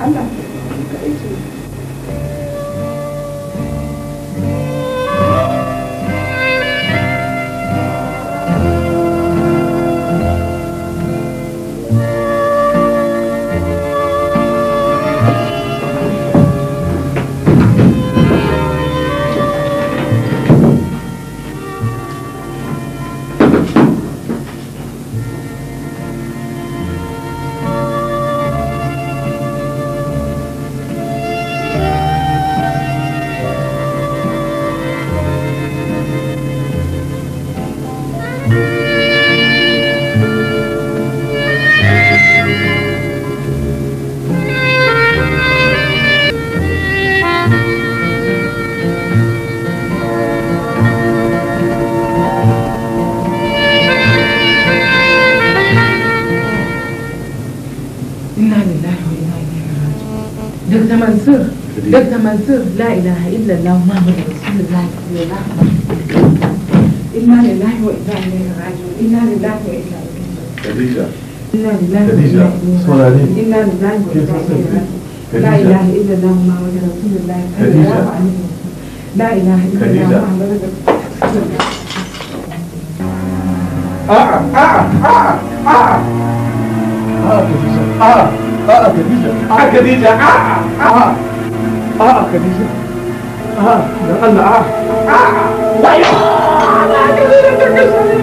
Allah, kaɗai ce. أنصر لا إله إلا الله محمد رسول الله إنا لله وإنا إليه راجعون إنا لله وإنا خديجة خديجة اسمع عليك إنا لله وإنا إليه لا إله إلا الله محمد رسول الله خديجة لا إله إلا الله محمد رسول الله آه آه آه آه آه آه آه خديجة آه, آه،, آه، خديجة آه آه a'a Khadija a'a dan Allah a'a a'a wayo ba ka da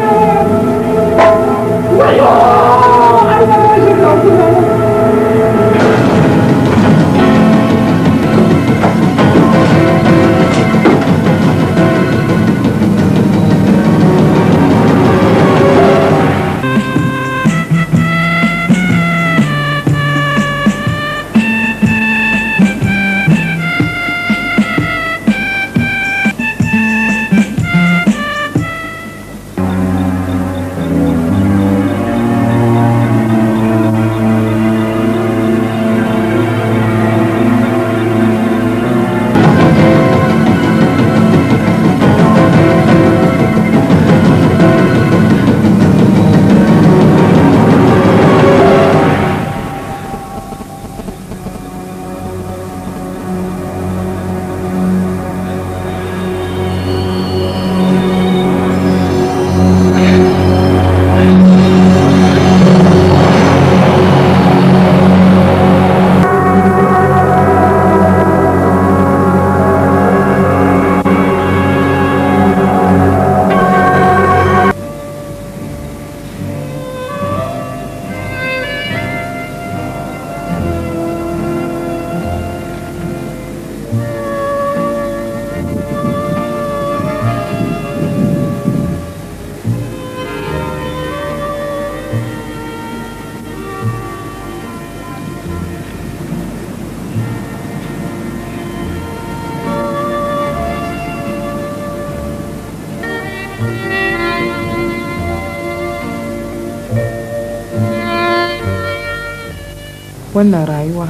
wannan rayuwa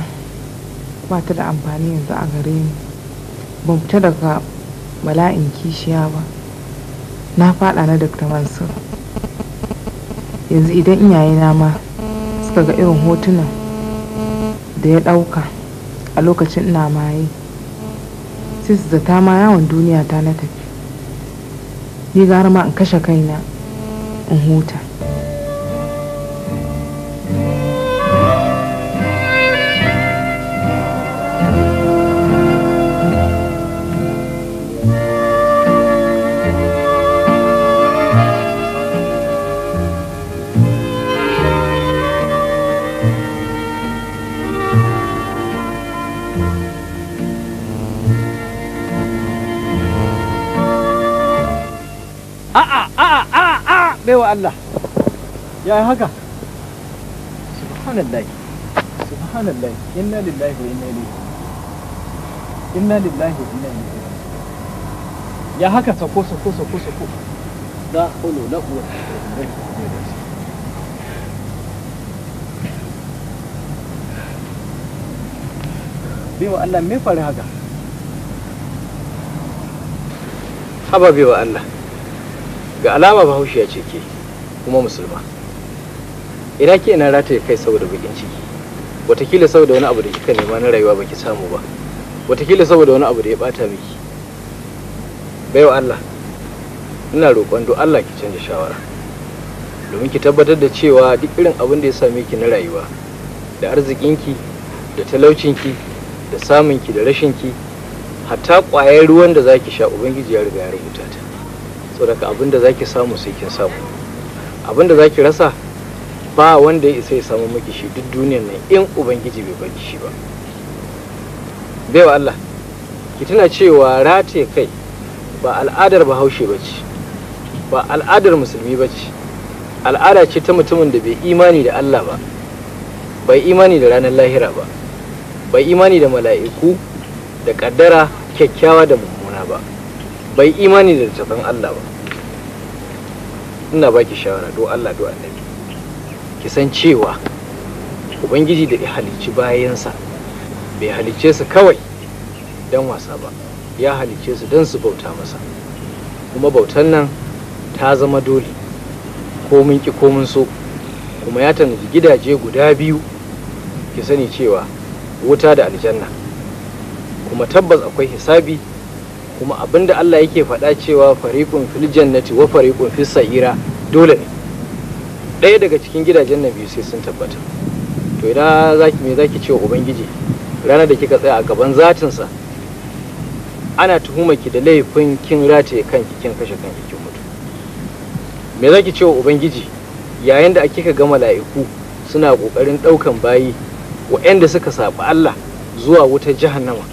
ba ta da amfani yanzu a gare ni ban fita daga bala'in kishiya ba na fada na dr mansur yanzu idan iyayena ma suka ga irin hotunan da ya dauka a lokacin ina maye sai su zata ma yawon duniya ta na tafi ni gara ma in kashe kaina in huta Allah ya yi haka subhanallah subhanallah inna lillahi wa inna ilaihi inna lillahi wa inna ilaihi ya haka sako sako sako sako da hulu la quwwata biwa Allah me fare haka haba biwa Allah ga alama bahaushiya ce ke kuma musulma ina ke ina rataye kai saboda bakin ciki watakila saboda wani abu da kika nema na rayuwa baki samu ba watakila saboda wani abu da ya bata miki baiwa Allah ina roƙon do Allah ki canja shawara domin ki tabbatar da cewa duk irin abin da ya same ki na rayuwa da arzikinki da talaucinki da samunki da rashinki hatta ƙwayar ruwan da zaki sha ubangiji ya riga ya rubuta ta saboda abin da zaki samu sai kin samu abin da za ki rasa ba wanda ya isa ya samu maki shi duk duniyan nan in ubangiji bai baki shi ba baiwa Allah ki tana cewa rataye kai ba al'adar bahaushe ba ce ba al'adar musulmi ba ce al'ada ce ta mutumin da bai imani da Allah ba bai imani da ranar lahira ba bai imani da mala'iku da kaddara kyakkyawa da mummuna ba bai imani da littafin Allah ba ina baki shawara do Allah do annabi ki san cewa ubangiji da ya halicci bayansa bai halicce su kawai dan wasa ba ya halicce su dan su bauta masa kuma bautan nan ta zama dole komin ki mun so kuma ya tanaji gidaje guda biyu ki sani cewa wuta da aljanna kuma tabbas akwai hisabi kuma abinda Allah yake faɗa cewa fariqun fil jannati wa fariqun fis sa'ira dole ne ɗaya daga cikin gidajen na biyu sai sun tabbata to idan zaki me zaki ki cewa ubangiji ranar da kika tsaya a gaban zatinsa ana tuhumar ki da laifin kin rataye kanki kin kashe kanki kin mutu me zaki ki cewa ubangiji yayin da kika ga mala'iku suna kokarin ɗaukan bayi wa'anda suka saba Allah zuwa wutar jahannama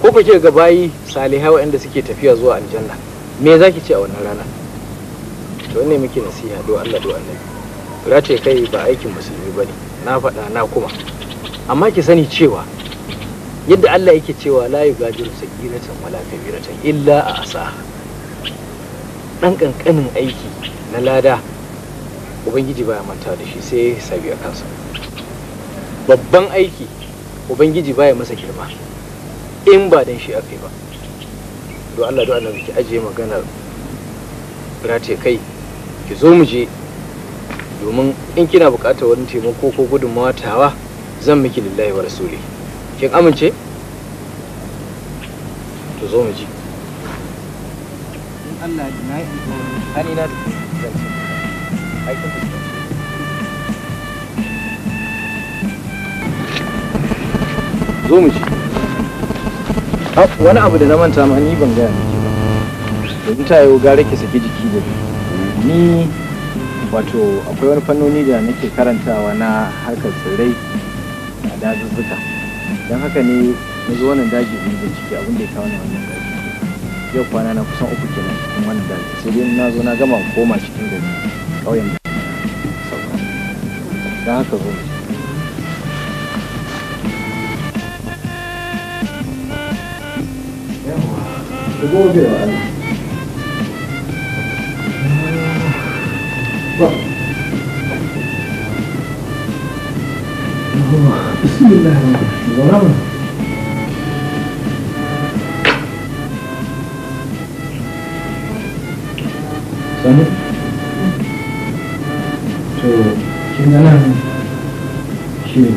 ko kake ga bayi salihai wa'anda suke tafiya zuwa aljanna me zaki ce a wannan rana to ne muke nasiha do Allah do Allah race kai ba aikin musulmi bane na faɗa na kuma amma ki sani cewa yadda Allah yake cewa la yugadiru sagiratan wala kabiratan illa a asa dan kankanin aiki na lada ubangiji baya manta da shi sai sabi a kansa babban aiki ubangiji baya masa girma in ba dan shi aka yi ba do Allah do Allah ki ajiye maganar rataye kai ki zo mu je domin in kina buƙatar wani taimako ko gudunmawa tawa zan miki lillahi wa rasuli kin amince to zo mu je. in Allah ya na yi alƙawari na zance zo mu ci ah, wani abu da na manta ma ni ban gaya miki ba domin ta yau gare ki saki jiki da ni ni wato akwai wani fannoni da nake karantawa na harkar tsirrai a dazuzzuka don haka ne na zo wannan daji ne ciki abin da ya kawo wannan daji yau kwana na kusan uku kenan cikin wannan daji sai dai na zo na gama koma cikin gari ƙauyen da sauka don haka zo mu Go over there, Allah, Bismillahirrahmanirrahim. Zora mı? Sani? Çok. Kimden abi? Şimdiden.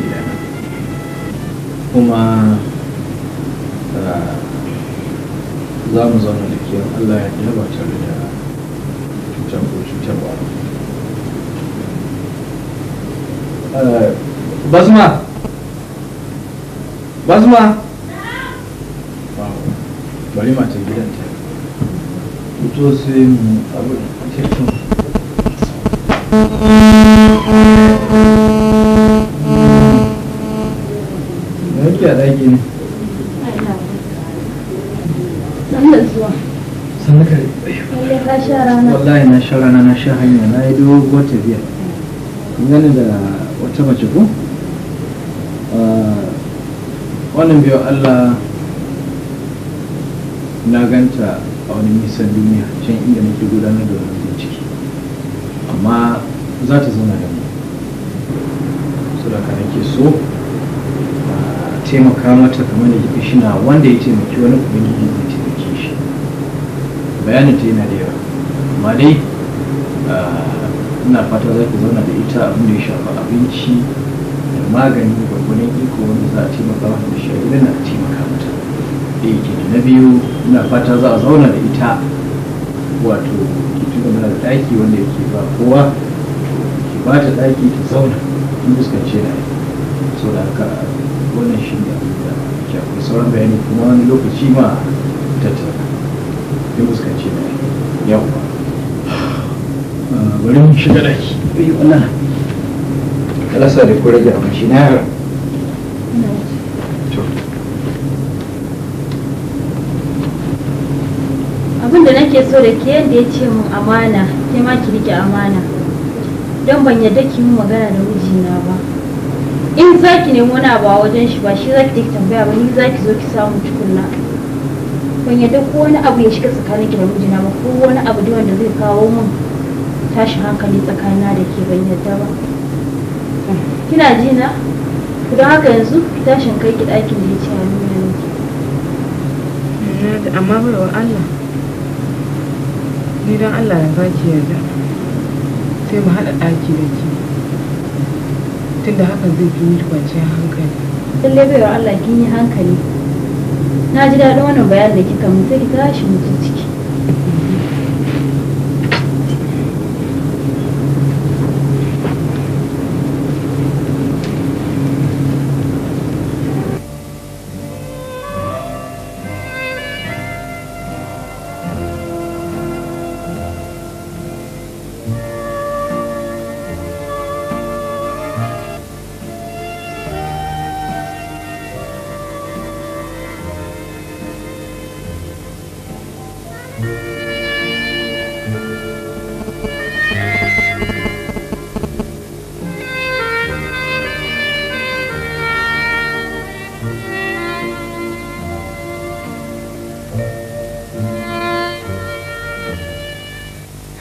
Kuma za mu zauna da ke Allah ya ba basma basma bari matan gidan ta fito sai mu abu ake cin da yake ne wallahi na sha rana na sha hanya na yi dogon tafiya ganin da ta mace ko wannan biyu allah na ganta a wani nisan duniya can inda nake gudanar da wani bincike amma za ta zama da mu saboda nake so ah, taimaka mata kamar da shi shina wanda ya taimaki wani ubangiji zai taimake shi bayanin ta yana da yawa amma dai ah, ina fata za ku zauna da ita abin da ya shafa abinci da magani gwagwunan iko wanda za a taimaka wa da shi idan na taimaka mata da eh, yake na biyu ina fata za a zauna da ita wato kitu da mana da daki wanda yake ba kowa ki ba ta daki ta zauna in fuskance na so da haka wannan shi ne abinda, da ke akwai sauran bayani kuma wani lokaci ma tattara in fuskance na yawa Wurin mu shiga daki yi wannan kalasa da ku rage abin shi na yara abin da nake so da ke yadda ya ce mun amana ke ma ki rike amana don ban yadda ki mun magana da mijina ba in za ki nemi wani abu a wajen shi ba shi za ki tambaya ba ni za ki zo ki samu tukunna ban yadda ko wani abu ya shiga tsakanin ki da mijina ba ko wani abu da wanda zai kawo mun tashi hankali tsakanina da ke bai yadda ba kina ji na don haka yanzu ki tashin kai ki ɗakin da ya ce a nuna miki amma baiwa Allah ni don Allah ya baki yarda sai mu haɗa ɗaki da ke tunda hakan zai fi miki kwanciyar hankali lallai baiwa Allah kin yi hankali na ji daɗin wannan bayanin da kika mun sai ki tashi mu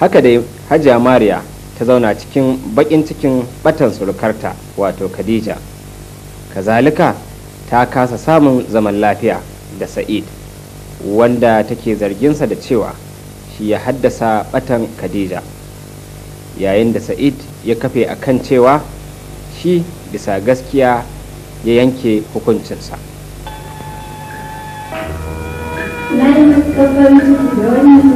haka dai hajiya mariya ta zauna cikin bakin cikin batan surukarta wato khadija kazalika ta kasa samun zaman lafiya da sa'id wanda take zarginsa da cewa shi ya haddasa batan khadija yayin da sa'id ya kafe a kan cewa shi bisa gaskiya ya yanke hukuncinsa na da wani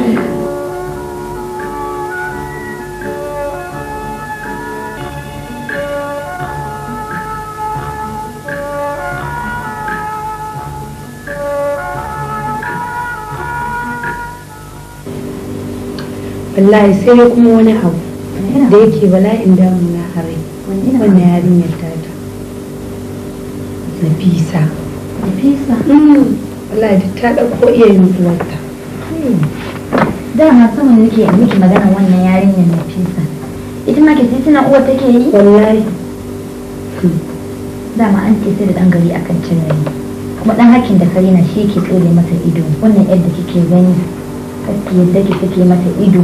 wallahi sai ya kuma wani abu da yake bala'in damu na rai wannan yarinyar tata nafisa nafisa mm. wallahi duk ta ɗauko iyayen uwarta dama da nake miki magana wannan yarinyar nafisa ita ma ke sai uwa uwar take yi wallahi dama an ce sai da dangari gari akan cin rai kuma dan hakin da kare na shi ke tsole masa ido wannan yadda kike gani kake yadda kike mata ido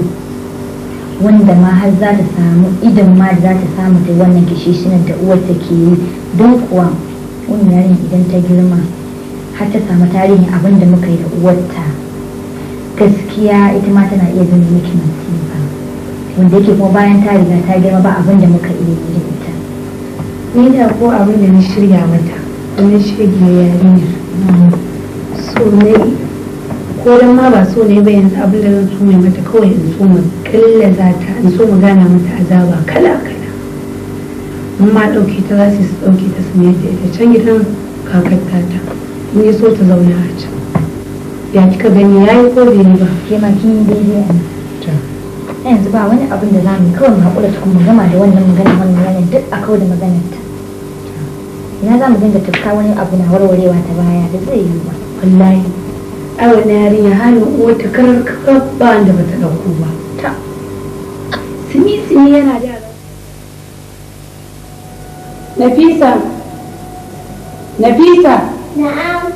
wanda ma har za ta samu idan ma za ta samu ta wannan shine da uwar ta ke yi don kuwa wannan yarin idan ta girma har ta samu tarihin abin da muka yi da uwarta gaskiya ita ma tana iya zama miki masifa wanda yake kuma bayan ta riga ta girma ba abin da muka iya yi ita ni da ko abin da na shirya mata wani shirya yarinya so ne ko dan ma ba so ne ba yanzu abin da zan so mata kawai in so mu za ta in so mu gana mata azaba kala kala in ma ɗauke ta za su ɗauke ta su ne da ita can gidan kakarta ta in ya so ta zauna a can ya kika gani ya yi ko da yi ba ke ma kin yi daidai a yanzu ba wani abin da za mu kawai mu haƙura tukun mu gama da wannan magana wannan magana duk a kawai da maganar ta ina za mu dinga tufka wani abu na warwarewa ta baya da zai yi ba wallahi ai wannan yarinya halin uwar ta karar ba da bata dauko ba ta sumi sumi yana da Nafisa Nafisa na'am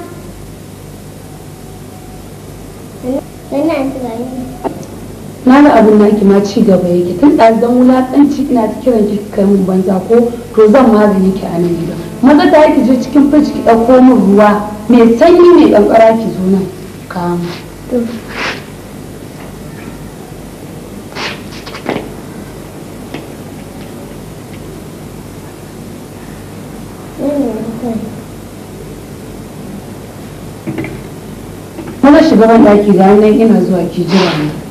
na ga abin naki ma ci gaba yake tun ɗazan wulaƙanci ina ta kiran ki kai mun banza ko to zan magani ki a nan gida maza ta ki je cikin firji ki ɗauko min ruwa mai sanyi mai ƙanƙara ki zo nan calma. Tô. Kuma aqui, wanda ake gane ina zuwa ki jira ne.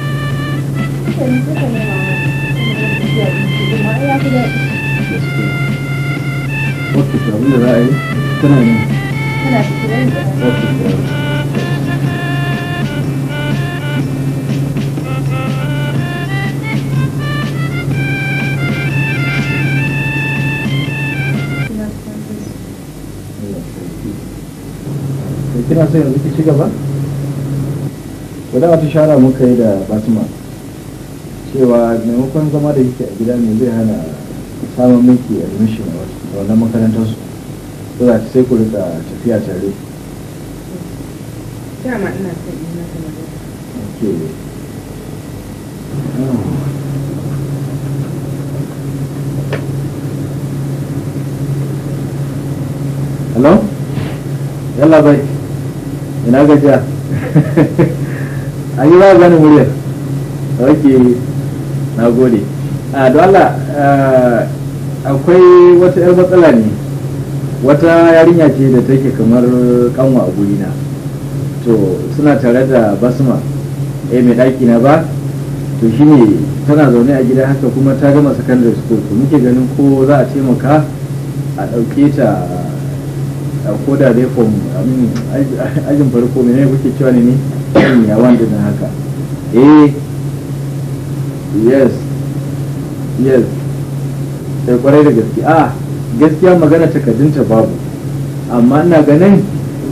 30 lira, bu lira 50. Sen aynı. Sen aynı. 30 lira. kira sai yanzu ki ci gaba? Wadda wata shara muka yi da Fatima. cewa maimakon zama da yake a gida ne zai hana samun miki admission a wannan makarantar su ko za sai ku rika tafiya tare ina hello yalla bai ina gajiya an yi ba gani muryar ok na gode a da akwai wata 'yar matsala ne wata yarinya ce da take kamar kanwa a na to suna tare da basma eh mai ɗaki na ba to shine tana zaune a gida haka kuma ta gama secondary school to muke ganin ko za a taimaka a ɗauke ta a koda dai form ajin farko ne kuke cewa ne ne ya wanda haka eh yes yes sai eh, kwarai da gaske a ah, gaskiya magana takardunta babu amma ina ganin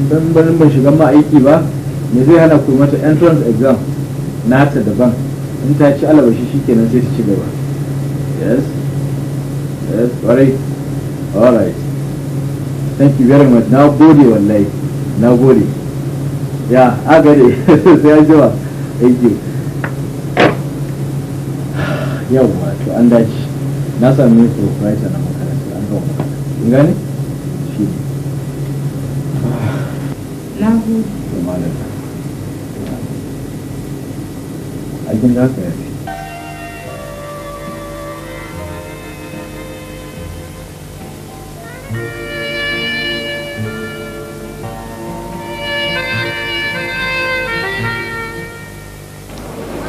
dan ban ban shiga ma aiki ba me zai hana ku mata entrance exam nata daban in ta ci alabashi shikenan sai ta ci gaba yes yes kwarai all right thank you very much na gode wallahi na gode ya agare sai ya jiwa thank you yawwa to an dace na sami proprietor na makaranta an gawa makaranta in gane shi ne lagos da malaka a gina da haka ya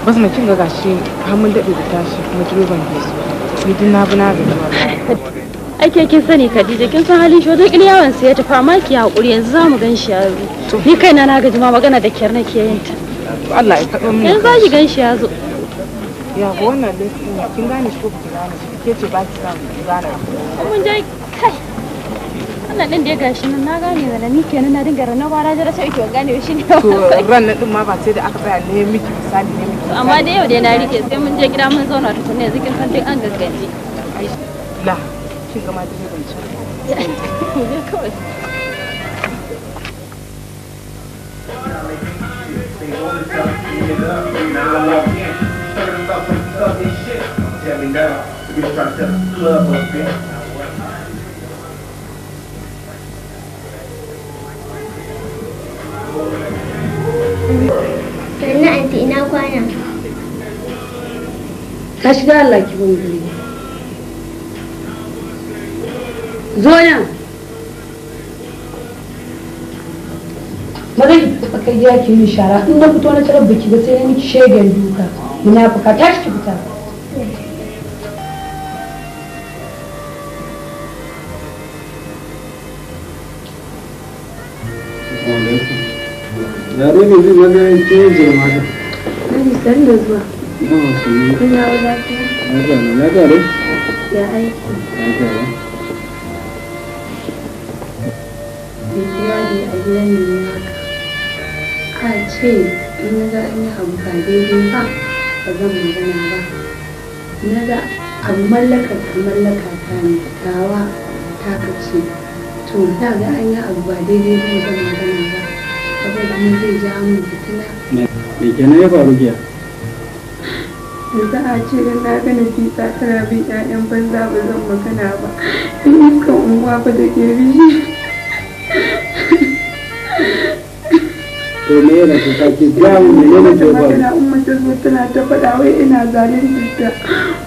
bas mai cin ga shi mun daɗe da tashi kuma direban bai so ni din na bi na gaji ake kin sani Khadija kin san halin shi wajen yawon sai ya tafi amma ki haƙuri, yanzu mu gan shi ya zo ni kaina na gaji ma magana da kyar nake yin ta Allah za ki gan ya wannan din da ya gashi nan na gane da ni kenan na dinga ranar bara jira sai ki gane shi ne to ranar din ma ba sai da aka tsaya ne miki misali ne miki amma da yau dai na rike sai mun je gida mun zauna tukunna ne zikin san duk an gaggaje la kin ga da ban ci kawai Sannan anti ina kwana. Ka shiga Allah ki ban gari. Zo nan. Mare ki kai ya ki min shara in na fito na tarar baki ba sai na miki shegen duka. Munafuka tashi ki fita. yanzu ba ga ke jirma Ina lafiya yi abu ba daidai ba ba zan magana ba Ina ga a mallaka ta mallaka ta ne ta kace to ga an yi abu ba daidai ba zan magana ba abin da mun zai ja mun fitina me kenan ya faru giya da za a ce da na gana tisa tana bin 'ya'yan banza ba zan magana ba in iskan unguwa ba da ke bishi to me yana ta sake gawo ne yana ta ba ina umma ta zo tana ta faɗa wai ina zalunci ta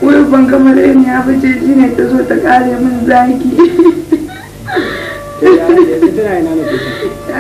wai ban kamar in ya fice shi ne ta zo ta ƙare min zaki tana ina ne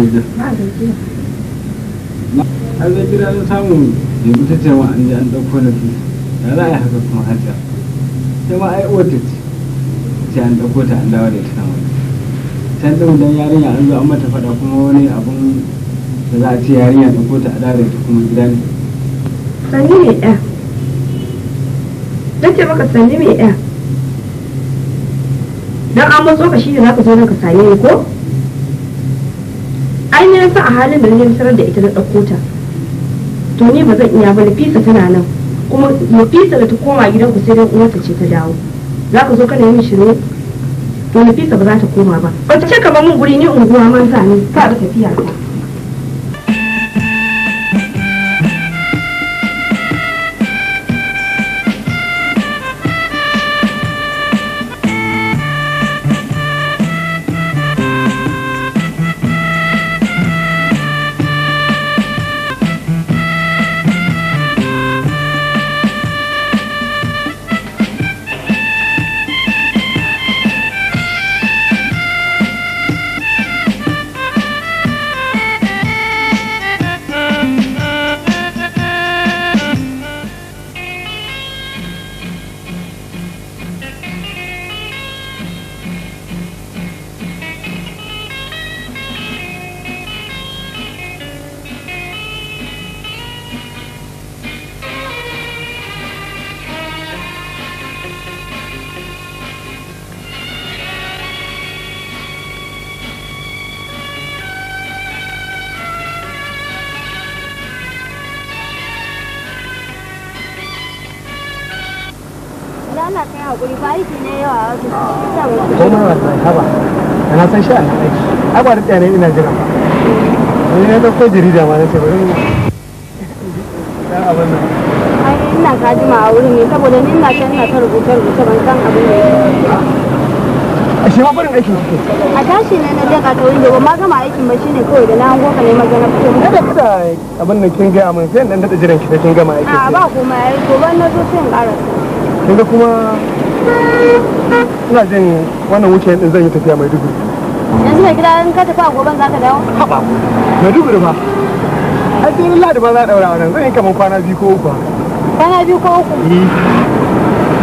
yanzu har zai gida na samun yanzu ta cewa ma an ji an ɗauko na fi da za a yi haka kuma hajiya ta ma ai uwar ce ce an ɗauko ta an dawo da ita nan can ɗin dan yarinya an zo an mata faɗa kuma wani abun da za a ce yarinya ɗauko ta a dawo da ita kuma gida ne. Sani ne ɗa. Nake maka sani mai ɗa. Don an matso ka shi ne za ka zo nan ka same ni ko? ainihin na sa a halin da na nemi da ita na ɗauko ta to ni ba zan iya ba Nafisa tana nan kuma Nafisa da ta koma gidan ku sai dan uwarta ce ta dawo za ka zo kana yin shiru to Nafisa ba za ta koma ba ba ta ce kamar mun guri ni unguwa man sa ne ka da tafiya ta ai ba da tsaya ina jira ba ne da ko jirida ma na ce bari dan abin nan ina ka jima a wurin ne saboda ni ina ta ina ta rubuta rubuta ban san abin da ya shi ma barin aikin suke a tashi ne na daga ta wurin wuri ma gama aikin ba shine kawai da na hango ka ne magana fito ne da kada abin nan kin gaya mun sai dan dada jiran ki kin gama aikin a ba kuma yayi gobe na zo sai in karasa kin ga kuma ina jin wannan wuce din zan yi tafiya mai dubu yanzu mai gida in ka tafi a gobe za ka dawo haba na dubu ba ai sai ladi ba za a daura wannan zan yi kamar kwana biyu ko uku kwana biyu ko uku hmm.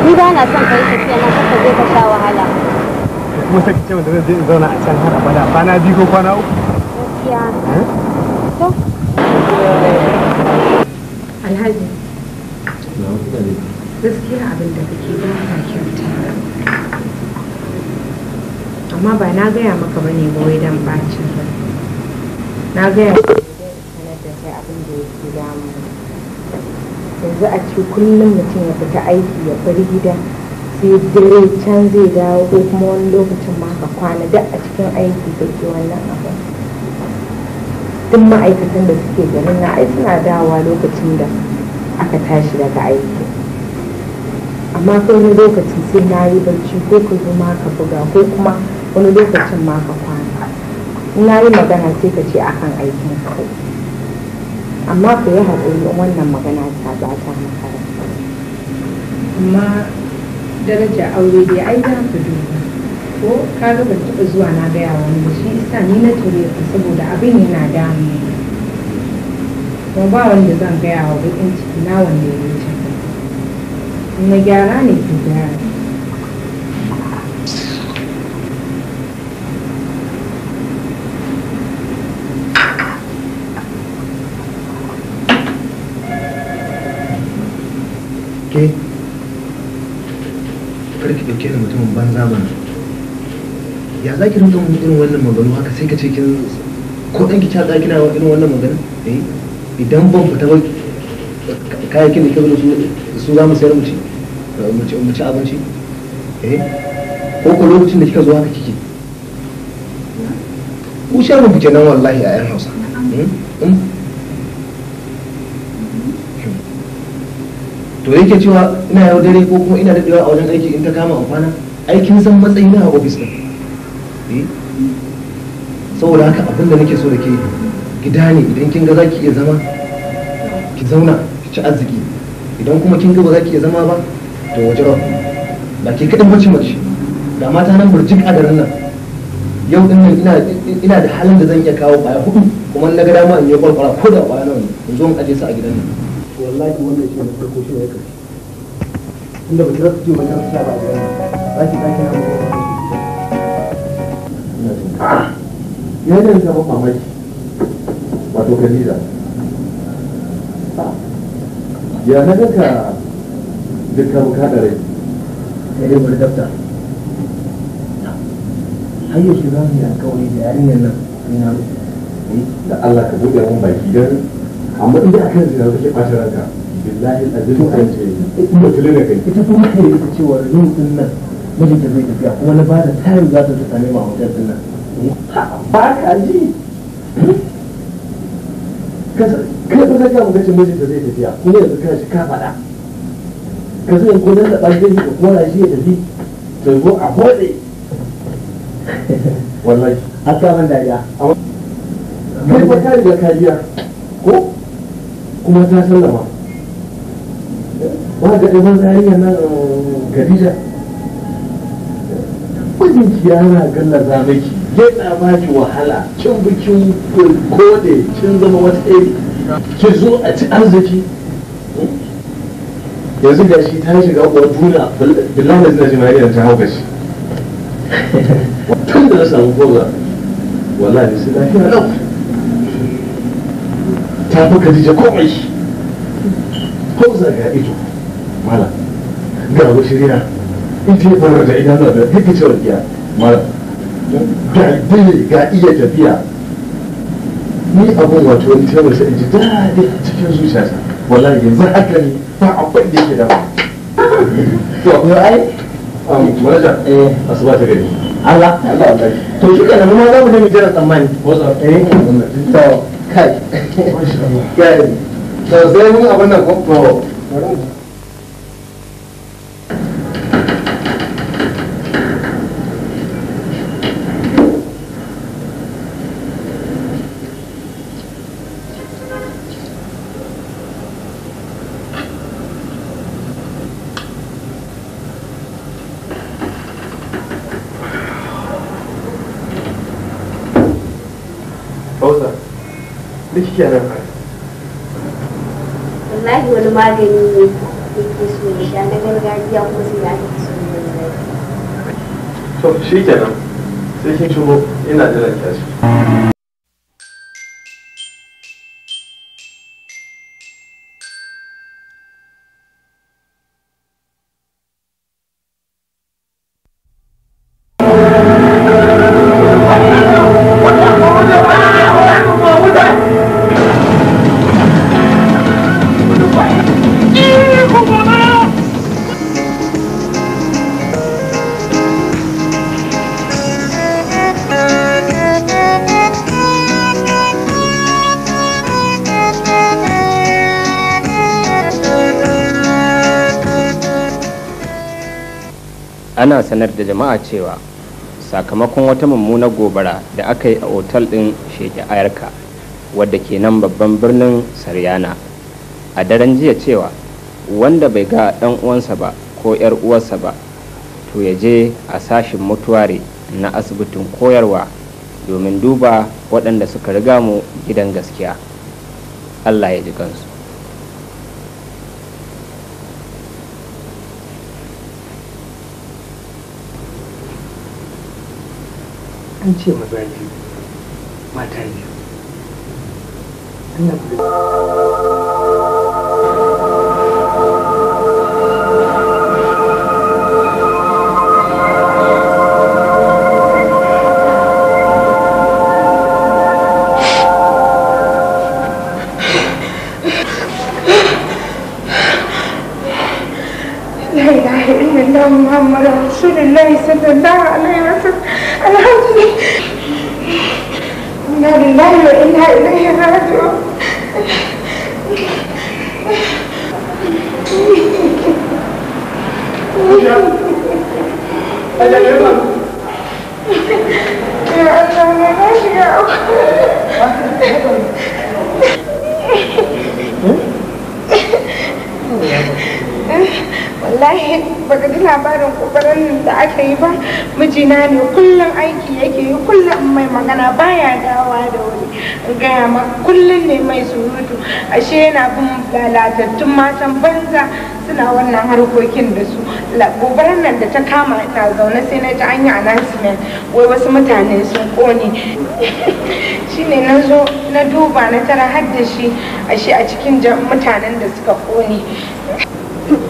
ni ba na son kai tafiya na kasa zai ka sha wahala kuma sai kice wanda zan in zauna a can har abada kwana biyu ko kwana uku gaskiya hmm? to alhaji gaskiya abin da kake ba ka kyauta amma ba na gaya maka bane ba wai dan bacin ba. na gaya maka ne da kai abin da yake damu yanzu a ce kullum mutum ya fita aiki ya bari gida sai dare can zai dawo ko kuma wani lokacin ma ka kwana duk a cikin aiki ke wannan abin duk ma'aikatan da suke ganin na ai suna dawowa lokacin da aka tashi daga aiki amma kai wani lokacin sai na yi barci ko ka zo ka buga ko kuma wani lokacin ma ka kwana na yi magana sai ka ce akan aikin kai amma ka yi haƙuri wannan magana ta ba ta makaranta amma daraja aure dai ai za ku duba ko ka ga ban taɓa zuwa na gaya wani ba shi isa ni na ture ka saboda abin yana damu kuma ba wanda zan gaya wa baƙin ciki na wanda ya yi wuce na gyara ne ke gyara ke karki dauke da mutumin banza ba ya za ki rinka irin wannan maganu haka sai ka ce kin ko dan ki ta kina wa irin wannan magana eh idan ban fita ba kayakin da kibin su za mu sayar mu ci mu ci abinci eh ko ko lokacin da kika zo haka kike ku sha mu fice nan wallahi a yan Hausa hmm? Hmm? to yake cewa ina yau dare ko kuma ina daɗewa a wajen aiki in ta kama amfana aikin san matsayi na a ofis ɗin eh? saboda haka abinda nake so da ke gida ne idan kin ga za ki iya zama ki zauna ki ci arziki idan kuma kin ga ba za ki iya zama ba to waje ba ba ke kaɗan mace mace da mata nan burjik a garin nan yau din nan ina da halin da zan iya kawo ƙwaya hudu kuma na ga dama in yi kwalkwara ko da kwaya nawa ne in zo in aje su a gidan nan wallahi wannan shi ne farko shi ne karshe Inda ba ki rasa ciwo ba ki rasa ba a Ba ki ɗaki na mutum ya ne ta ban mamaki wato khadija ya na ganka dukkan kaɗa rai sai dai wani daftar har yaushe za mu yi alkawari da yarinyar nan eh, da Allah ka buɗe mun baki don amma inda akan zina kake ɓata ranka billahi azim kan ce mutule ne kai ita kuma kai ita cewa yau din nan mijinta zai tafiya kuma na bada tayin za ta ta same ma hotel nan ba ka ji kai ba zai gamu gajin mijinta zai tafiya kuma yanzu kana shi ka faɗa ka zai ko nan da ɓangare ka kora shi ya tafi ta zo a hode wallahi a kaman dariya kai ba ka riga kariya ko kuma ta sallama ba ga ɗaban tsariya na gadija mijinki yana galla zamaki yana ba ki wahala cin bikin kode cin zama wata iri ki zo a ci arziki yanzu ga shi ta shiga uwar duna billahi zina shi mariyar ta hau shi tun da na samu koga wallahi sai lafiya lafiya ta fi Khadija komai hausa ga ido mala ga bashiriya ita ya fara da ina da rikicewar iya mala ga dili ga iya tafiya ni abun wato wani taimakon sai in daɗi a cikin zuciyata wala yanzu haka ne ba abin da yake da ba to ai eh asuba ta gari Allah Allah to shi kenan mu ma za mu jira tsammani ko eh. to kai kai to sai da kike nan a wallahi wani magani ne ke so ya sha na gargajiya kuma sai ya ake so ya zai to shi kenan sai kin shigo ina jiran kyashi ana sanar da jama'a cewa sakamakon wata mummunar gobara da aka yi a otal ɗin sheke ayarka wadda ke nan babban birnin saryana a daren jiya cewa wanda bai ga ɗan uwansa ba ko 'yar uwarsa ba to ya je a sashin mutuware na asibitin koyarwa domin duba waɗanda suka riga mu gidan gaskiya allah ya ji kansu an ce maza biyu mata biyu لا إله إلا الله محمد رسول الله صلى الله عليه người này đi ra chưa Anh đang đứng không? Dạ, anh đang nghe nói gạo Hả? Eh, wallahi baka ga labarin kokarin da aka yi ba mijina ne kullum aiki yake yi kullum mai magana baya dawa da wani gaya ma kullum ne mai surutu ashe yana bin lalatattun matan banza suna wannan harkokin da su gobarar nan da ta kama ina zaune sai na ji an yi announcement wai wasu mutane sun kone shine na zo na duba na tara haddashi ashe a cikin mutanen da suka kone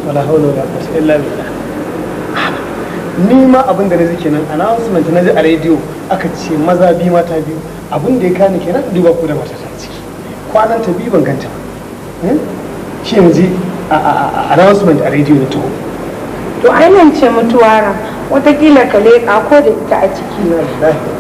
wala haula wala quwwata illa billah ni ma abin da na ji kenan announcement na ji a rediyo aka ce maza biyu mata biyu abin da ya kani kenan duba ku da mata ta ciki kwanan ta biyu ban ganta ba eh? shi yanzu announcement a rediyo na taho to ainihin ce mutuwara watakila ka leƙa ko da ita a ciki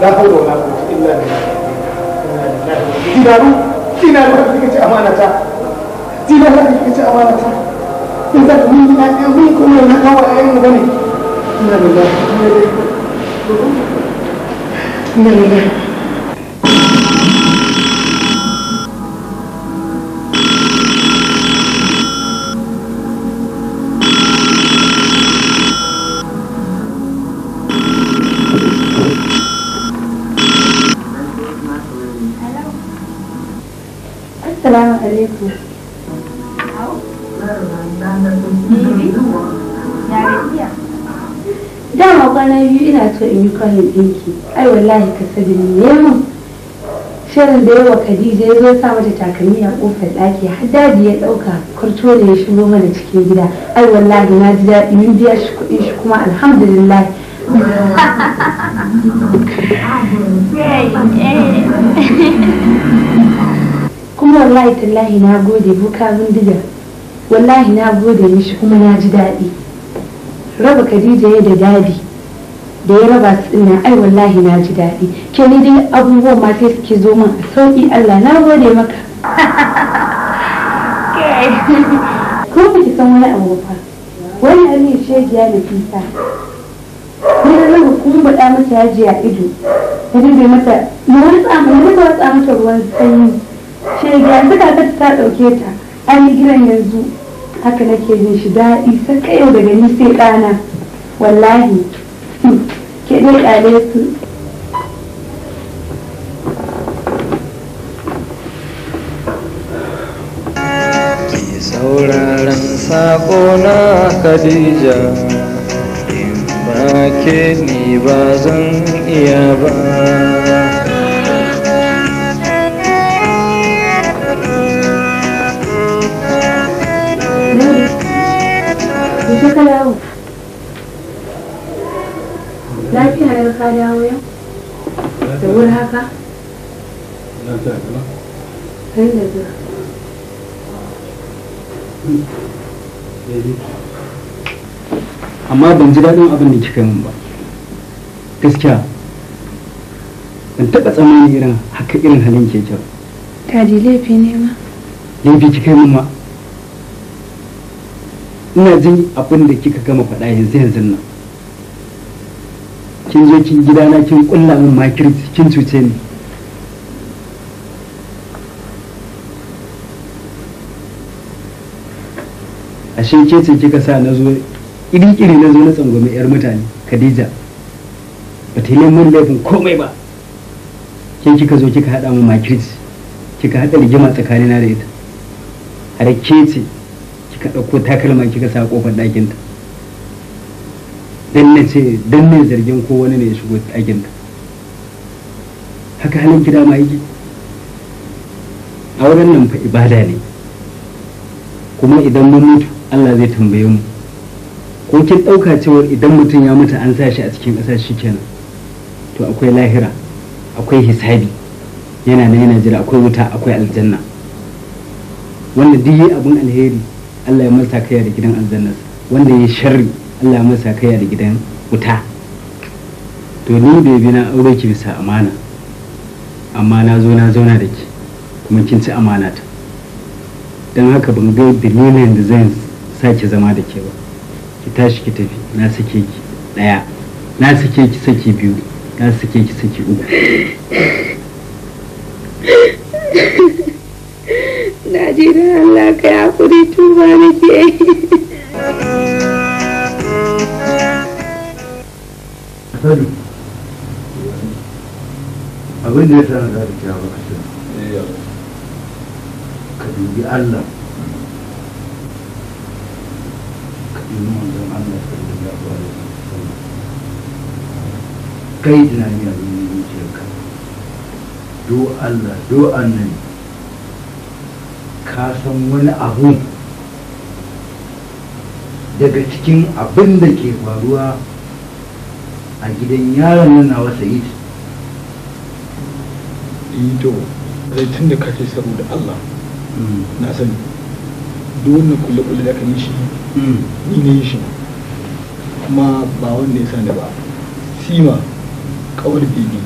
la hawla wala quwwata illa billah dinaru dinaru da kike ci amana ta dinaru da kike ci amana ta in za ka mun ina ɗaya mun kuma na kawo ayyan mu bane inna lillahi inna ilaihi inna lillahi Assalamu alaikum. Dama kwana biyu ina so in yi kwanin ɗinki. Ai wallahi ka sabi neman. Shirin da yawa Khadija ya zo sa mata takalmi a ƙofar ɗaki har daji ya ɗauka kurto da ya shigo mana cikin gida. Ai wallahi na ji daɗi mun biya shi kuɗin shi kuma alhamdulillah. wallahi tallahi na gode buka bindiga wallahi na gode mishi kuma na ji daɗi raba khadija ya da dadi da ya raba su ina ai wallahi na ji daɗi ke ni dai abubuwan ma sai suke zo min a sauƙi allah na gode maka ko ba ki san wani abu ba wani aliyu shegiya nufi fita ni da zan kuma baɗa mata yaji a ido ta dinga mata ni wani tsamu ni wani tsamu ruwan sanyi shega suka ta ɗauke ta an yi gidan yanzu haka nake jin shi daɗi saka yau daga ni sai ɗana wallahi hmm. ke dai ƙale su sauraron sako na Khadija in ba ke ni ba zan iya ba lafiya yau ka dawo yau da wuri haka kai da zuwa amma ban ji daɗin abin da kika min ba gaskiya ban taɓa tsammani irin haka irin halin ke kyau tadi laifi ne ma laifi kika min ma ina jin abin da kika gama faɗa yanzu yanzu nan kin zo kin gidana kin kulla min makirci kin cuce ni ashe ke ce kika sa na zo iri-iri na zo na tsangwame 'yar mutane khadija ba ta yi min laifin komai ba ke kika zo kika haɗa mu makirci kika haɗa rigima tsakanina da ita har ke ce kika ɗauko takalma kika sa ƙofar ɗakinta dan na ce dan ne zargin ko wani ne ya shigo ɗakin ta haka halin gida ma yake auren nan fa ibada ne kuma idan mun mutu Allah zai tambaye mu ko kin ɗauka cewa idan mutum ya mutu an sa shi a cikin ƙasa shi kenan to akwai lahira akwai hisabi yana nan yana jira akwai wuta akwai aljanna wanda duk yi abin alheri Allah ya masa kaya da gidan aljannarsa wanda ya sharri Allah masa kai da gidan wuta to ni bi na aure ki bisa amana amma na zo na zauna da ki kuma kin ci amana ta don haka ban ga dalilin da zan sake zama da ke ba ki tashi ki tafi na sake ki daya na sake ki saki biyu na sake ki saki uku na ji da Allah ka hakuri tuba nake sani abin da ya tana za ta kyawa kashin ka dubi allah ka dubi manzon allah ka dubi labarai kai tunani a abin da zuciyarka do allah do annabi ka san wani abu daga cikin abin da ke faruwa a gidan yaron nan nawa yi ido zai tun da kake saboda allah mm. na sani dole na kulle da kan yi shi mm. ni ne yi shi kuma ba wanda ya sani ba sima kawar bebe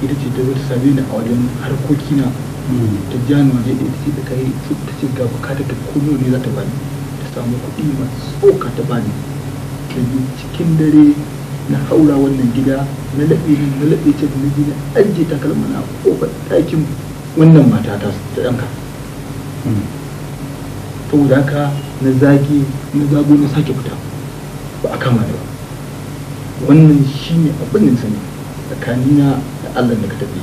ita ce ta zata sami ni a wajen harkokina mm. ta jani waje da ita ce ta kai ta ce ga bukata ta kono ne za ta bani ta samu kuɗi masu tsoka ta bani ta cikin dare na haura wannan gida na laɓe na laɓe ta na gida ajiye takalma na kofar ɗakin wannan mata ta ta wuda hmm. ka na zage na zago na sake fita ba a kama da ba wannan shi ne abin da sani tsakanina da allah da ka tafi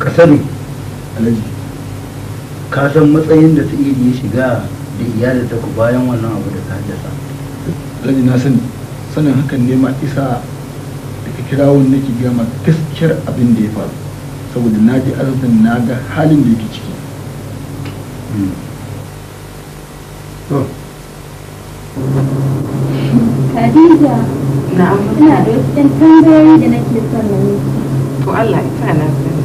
kasarin alaji ka san matsayin da ta iya shiga da iyalinta ku bayan wannan abu da ta haddasa alhaji na sani sanin hakan ne ma isa daga kirawun nake gama gaskiyar abin da ya faru saboda na ji arzikin na ga halin da yake ciki hmm. Khadija, na'am, ina da wasu tambayoyi da nake son na To Allah ita na sani.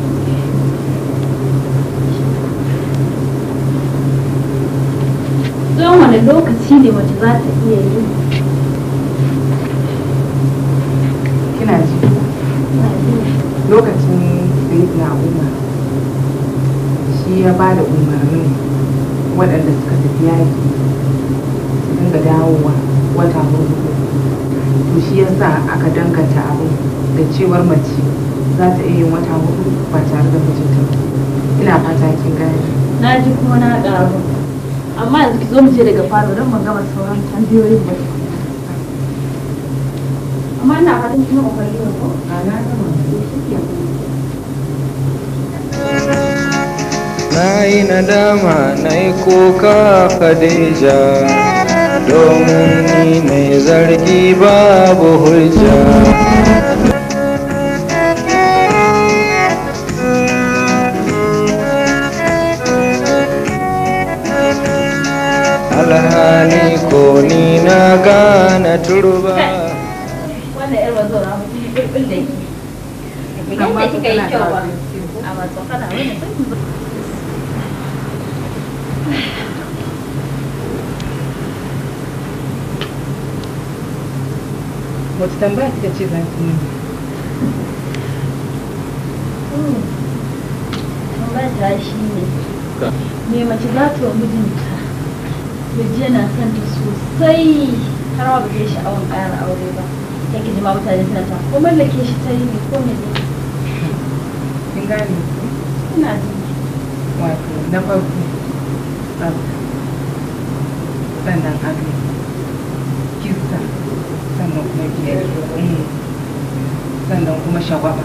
tsawon wani lokaci ne mace za ta iya yi kina ji lokacin da ya sayyidina umar shi ya ba da umarni waɗanda suka tafi yaƙi su dinga dawowa wata hudu to shi ya sa aka danganta abu da cewar mace za ta iya yin wata hudu ba tare da mijinta ina fata kin gane na ji kuma na ƙaru amma yanzu zo mu je daga falo don ban gama sauran tambayoyin ba amma ina fatan kuma kokari ne ko a na gama na yi nadama na yi kuka khadija domin ni mai zargi babu hujja ya gane turba ne mace za ta wa mijinta da jiya na sosai har ma ba ta sha'awar ƙara aure ba Ta ki jima mutane suna ta ko mallake shi ta yi ne ko ne ne kin gane ina ji wato na farko sannan ado kista sannan kuma biyar mm. sannan kuma shagwaba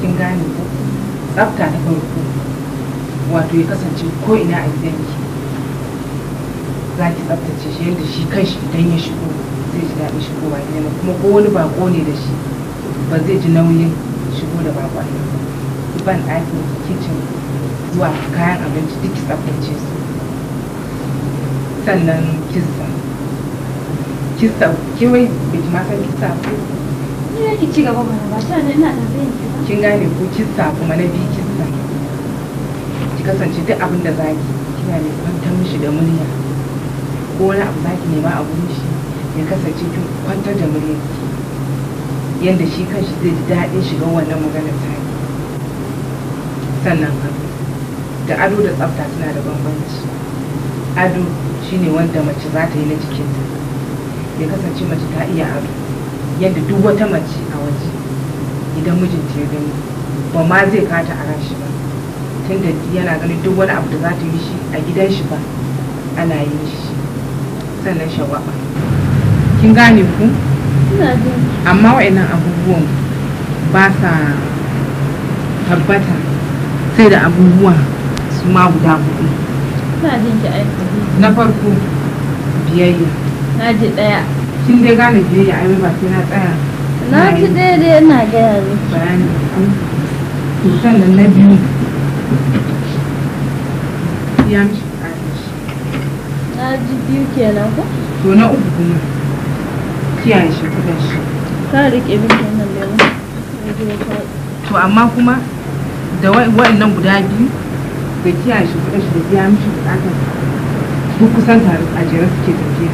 kin gane mm. tsafta na farko wato ya kasance ko ina a gidan ki za ki tsaftace shi yadda shi shi idan ya shigo zai ji daɗin shigowa gidan kuma ko wani bako ne da shi ba zai ji nauyin shigo da bakon ba. ban ɗaki kicin zuwa kayan abinci duk ki tsaftace su sannan kissa kissa kiwai bai ma san kissa ko ne ki ci gaba ba ta ina tambayin ki kin gane ko kissa kuma na bi kissa ki kasance duk abin da zaki kina ne kwantar mishi da murya ko wani abu ki nema a gurin shi ya kasance kin kwantar da muryarki yadda shi kanshi zai ji daɗin shiga wannan maganar ta sannan da ado da tsafta suna da bambanci ado shine wanda mace za ta yi na jikinta ya kasance mace ta iya ado yadda duk wata mace a waje idan mijinta ya gani ba ma zai kata a rashi ba tunda yana ganin duk wani abu da za ta yi shi a gidan shi ba ana yin shi sannan shawaba kin gane ku amma wa'annan abubuwan ba sa tabbata sai da abubuwa su ma guda hudu na farko biyayya na ji daya kin dai gane biyayya ai ba sai na tsaya na ji daya dai ina gaya miki bayani ku sannan na biyu ya mishi na biyu kenan ko? To na uku kuma. Kiyaye shi kuɗin shi. Ka riƙe min wannan lemu. To amma kuma da wa'annan guda biyu da kiyaye shi kuɗin shi da biya mishi buƙatar duk kusan tare a jere suke tafiya.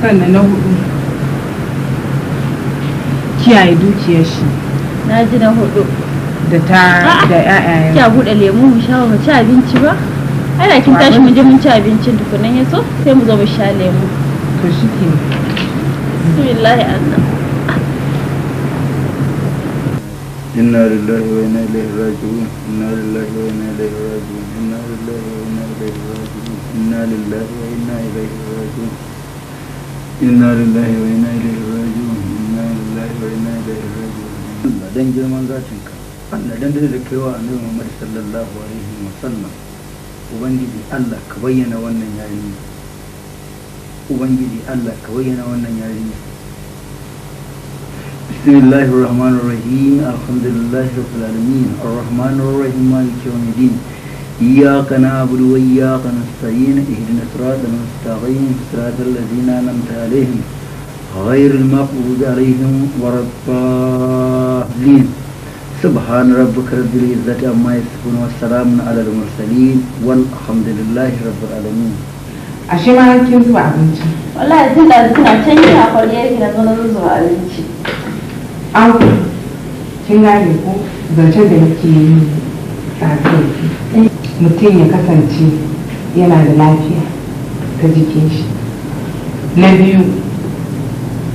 Sannan na hudu kiyaye dukiyar shi. Na ji na hudu. Da ta da 'ya'yayen. Kya buɗe lemu mu sha mu ci abinci ba? ana kin tashi mu je mun ci abincin tukunan ya so sai mu zo mu sha lemu to shi ke bismillahi azza inna lillahi wa inna ilaihi raji'un inna lillahi wa inna ilaihi raji'un inna lillahi wa inna ilaihi raji'un inna lillahi wa inna ilaihi raji'un inna lillahi wa inna ilaihi raji'un inna lillahi wa inna ilaihi raji'un dan girman zatin ka Allah dan da kaiwa annabi Muhammad sallallahu alaihi wa sallam ubangiji Allah ka bayyana wannan yarinya ubangiji Allah ka bayyana wannan yarinya بسم الله الرحمن الرحيم الحمد لله رب العالمين الرحمن الرحيم مالك يوم الدين إياك نعبد وإياك نستعين اهدنا الصراط المستقيم صراط الذين أنعمت عليهم غير المغضوب عليهم ولا الضالين سبحان ربك رب العزة عما يصفون والسلام على المرسلين والحمد لله رب العالمين ashe ma kin zuba abinci wallahi tun da kuna can yi a kwalliya ki na zo na zuba abinci an kin gane ko zancen da nake yi tsarki mutum ya kasance yana da lafiya ta jikin na biyu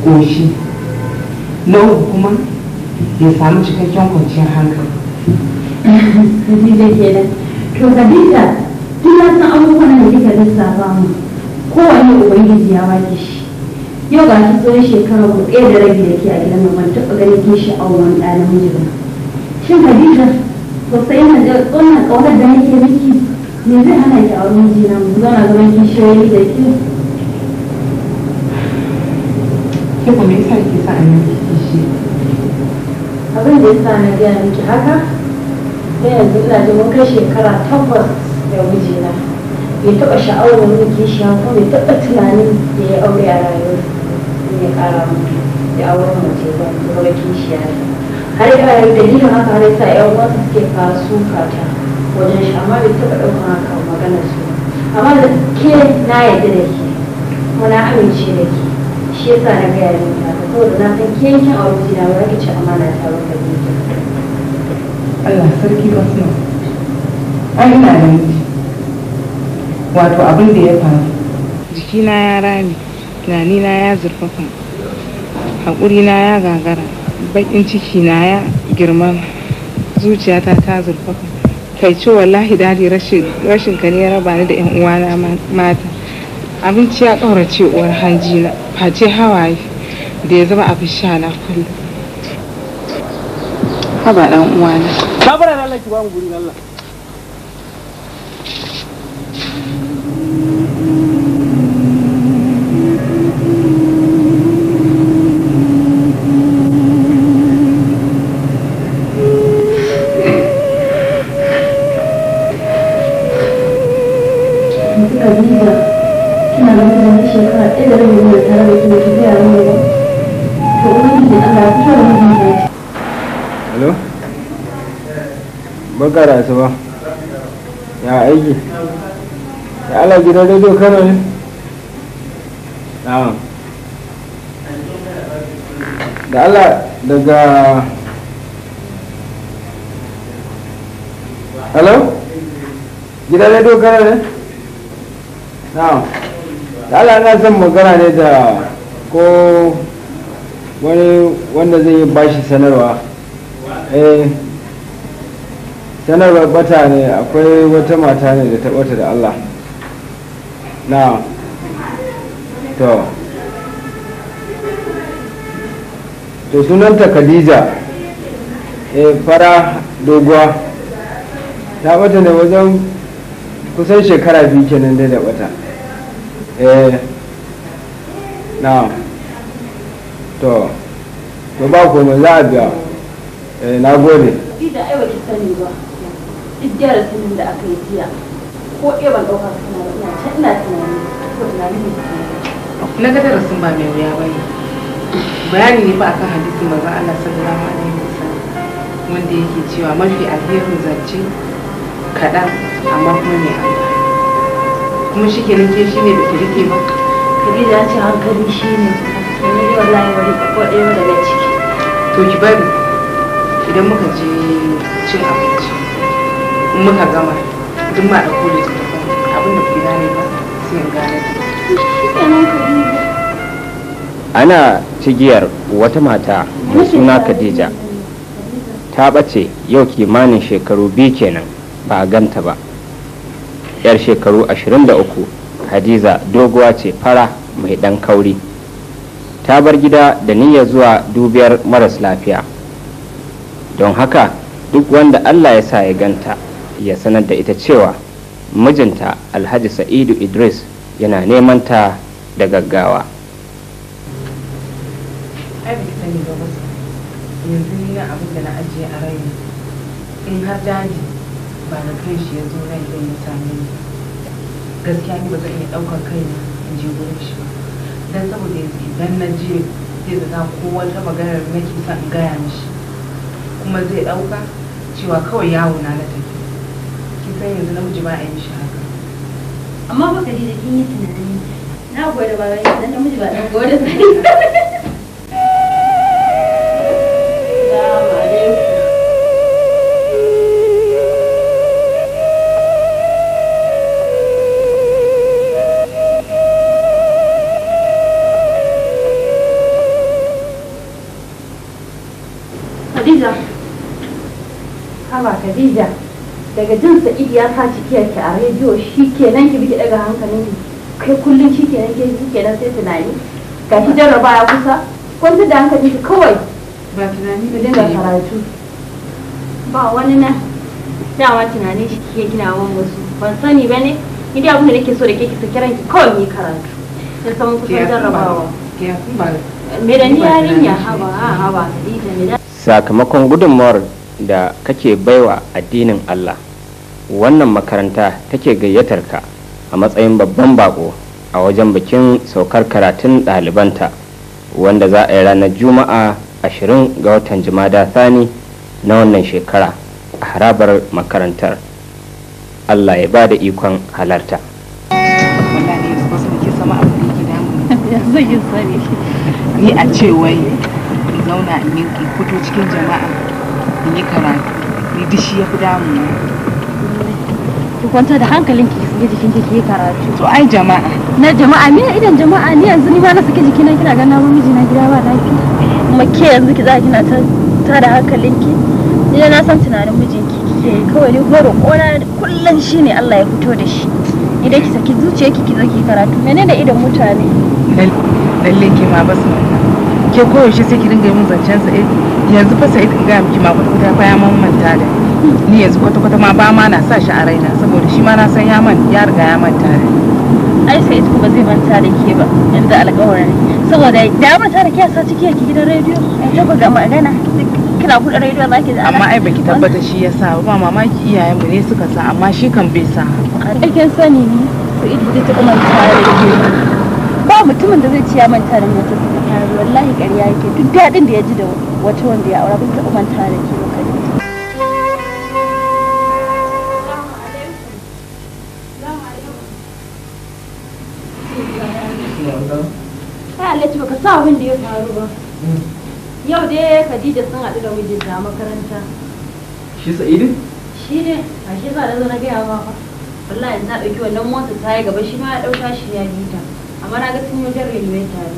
koshi. na kuma ya samu cikakken kwanciyar hankali ke kenan to Khadija duk ya san abubuwan da kika lissafa mu wani ubangiji ya wake shi yau ga shi tsohon shekara ku ɗaya da rabi da ke a gidan ban taɓa ganin kin shi a wurin ɗa namiji ba shin Khadija ko sai na da wannan ƙaunar da nake miki me zai hana ki ji mijina mu zauna zaman kishiyoyi da ke ke kuma yasa ki sa a ki kishi abin da ya sa na gaya miki haka ta yanzu ina da mun kai shekara takwas da mijina bai taɓa sha'awar wani kishiya ko bai taɓa tunanin da ya aure a rayuwar ya ƙara mutu ya auren mace ba zama kishiya har ya yi dalilin haka har yasa yan wasu suke fasu kata wajen shi amma bai taɓa ɗaukar haka maganar su amma da ke na yarda da ke kuma na amince da ke shi yasa na gaya da mutane saboda na san kenkin a wajen na ba ki ci amana ta ba kai Allah sarki wasu ai ina da miji wato abin da ya faru jikina ya rame tunanina ya zurfafa haƙurina ya gagara baƙin na ya girmama zuciyata ta zurfafa kai ce wallahi dadi rashin ka ne ya raba ni da 'yan uwana mata abinci ya ce uwar hanji na face hawaye da ya zama abin sha na kullum haba ɗan uwa ka bara Allah ki ba mu guri Allah a gidan da allah daga hello gidan radio ne da allah na son magana ne da ko wani wanda zai yi bashi sanarwa eh sanarwar bata ne akwai wata mata ne da ta da allah na to to sunanta khadija eh, fara doguwa ta bata da wajen kusan shekara biyu kenan da da bata eh. na to to ba mu za a biya eh, na gode ida aiwa ki sani ba duk gyara da aka yi jiya ko ɗaya ban ɗauka suna da ina na ga darasin ba mai wuya ba ne bayani ne ba a kan akan hadisin manzon Allah sallallahu alaihi wasallam wanda yake cewa mafi alherin zance kaɗan amma kuma mai amfani kuma shi ke kenan shi ne da ki rike ba Khadija ce hankali shi shine kuma ni wallahi wani ko ɗaya daga ciki to ki bari idan muka je cin abinci muka gama duk ma da kole ta ana cigiyar wata mata mai suna Khadija ta ɓace yau kimanin shekaru biyu kenan ba a ganta ba yar shekaru ashirin da uku hadiza doguwa ce fara mai ɗan kauri ta bar gida da niyyar zuwa dubiyar maras lafiya don haka duk wanda allah ya sa ya ganta ya sanar da ita cewa mijinta alhaji sa'idu idris yana neman ta da gaggawa yanzu ni na abin da na ajiye a rai in har daji ba da kai shi ya zo ya same ni gaskiya ni ba zan iya ɗaukar kai in je gurin shi ba dan saboda yanzu idan na je zai zaga ko wata maganar nake sa in gaya mishi kuma zai ɗauka cewa kawai yawo na na tafi kin san yanzu ba a yi haka amma ba ka da kin yi tunani na ba wai dan namiji ba dan Khadija. daga jin sa'id ya sa cikiyar ki a rediyo shi kenan ki biki daga hankalin ki kai kullum shi kenan ke shi kenan sai tunani ga shi jarraba ya kusa kwanta da hankali ki kawai ba tunani ba dinga karatu ba wani na dama tunani shi ke gina wa wasu ban sani ba ne idan abin da nake so da ke ki saki ranki kawai yi karatu sai jarrabawa me da ni haba haba sakamakon gudunmawar da kake baiwa addinin Allah wannan makaranta take gayyatar ka a matsayin babban bako a wajen bikin saukar karatun ɗalibanta wanda za a yi ranar juma'a 20 ga watan jimada sani na wannan shekara a harabar makarantar allah ya ba da ikon halarta ni a ce wai zauna in fito cikin jama'a in yi karatu ni dishi ya fi damu ki kwanta da hankalinki ki saki jikin ki yi karatu to ai jama'a na jama'a me idan jama'a ni yanzu ni ba na saki jikina kina ga na miji na gida ba lafiya kuma ke yanzu ki za kina ta hankalin hankalinki ni na san tunanin mijinki kike kawai ni ko kona kullun shine Allah ya fito da shi idan ki saki zuciyarki ki zo ki karatu menene idan mutane lalle ki ma basu ke koyaushe sai ki dinga yi min zancen sa yanzu fa sai in gaya miki ma kwata-kwata fa ya manta da ni yanzu kwata-kwata ma ba ma na sa shi a raina saboda shi ma na san ya man ya riga ya manta da ai sai ba zai manta da ke ba yanzu alƙawarin saboda da manta da ke sa ciki a gidan rediyo ai ta ga magana kina buɗe rediyo za ki amma ai baki tabbata shi ya sa ba mamaki iyayenmu ne suka sa amma shi kan bai sa aikin sani ne su idi ta kuma manta da ke ba mutumin da zai ci ya manta da mutum wallahi ƙarya yake duk daɗin da ya ji da wata wanda ya aura ban taɓa manta da ke maka Ai Alhaji baka sa abin da ya faru ba. Hmm. Yau dai Khadija sun haɗu da mijinta a makaranta. Shi Sa'idin? Shi ne, a shi sa da zo na gaya ma fa. Wallahi na ɗauki wannan mota ta yi gaba shi ma ya ɗauka shi ya bi ta. Amma na ga sun yi wajen rayuwar tare.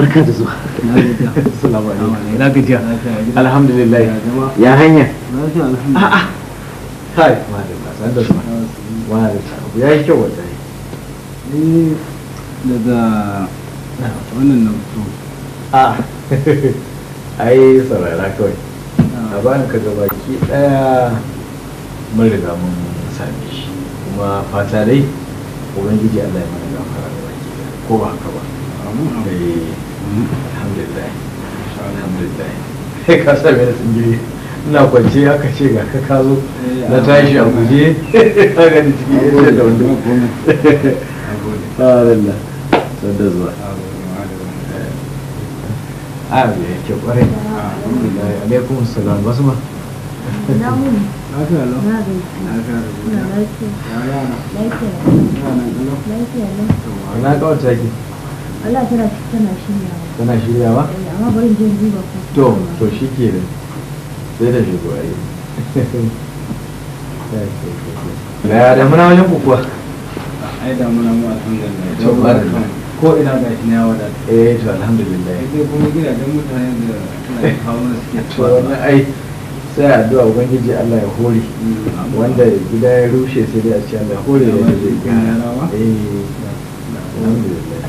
barka da zuwa alhamdulillah ya hanya ya yi kyau wata eh, daga wannan na a ai saurara kawai a bayan ka gaba ki daya mun riga mun shi kuma fata dai ubangiji Allah ya mana gafara da baki ko ba haka ba eh. alhamdulillah ka ce ga ka kazo eh, na a guje ka tana shiryawa. Tana shiryawa? Eh, amma bari je duba ko. To, to shikenan. Sai da shigo ai. Ya da muna wajen ku kuwa. Ai da muna a alhamdulillah. To barka. Ko ina ga shi na wada. Eh to alhamdulillah. Sai kuma gidajen mutane da suna kawo suke to wannan ai sai addu'a ubangiji Allah ya hore mm, wanda gida ya rushe sai dai a ce Allah ya hore ya zai gina. Eh. Alhamdulillah.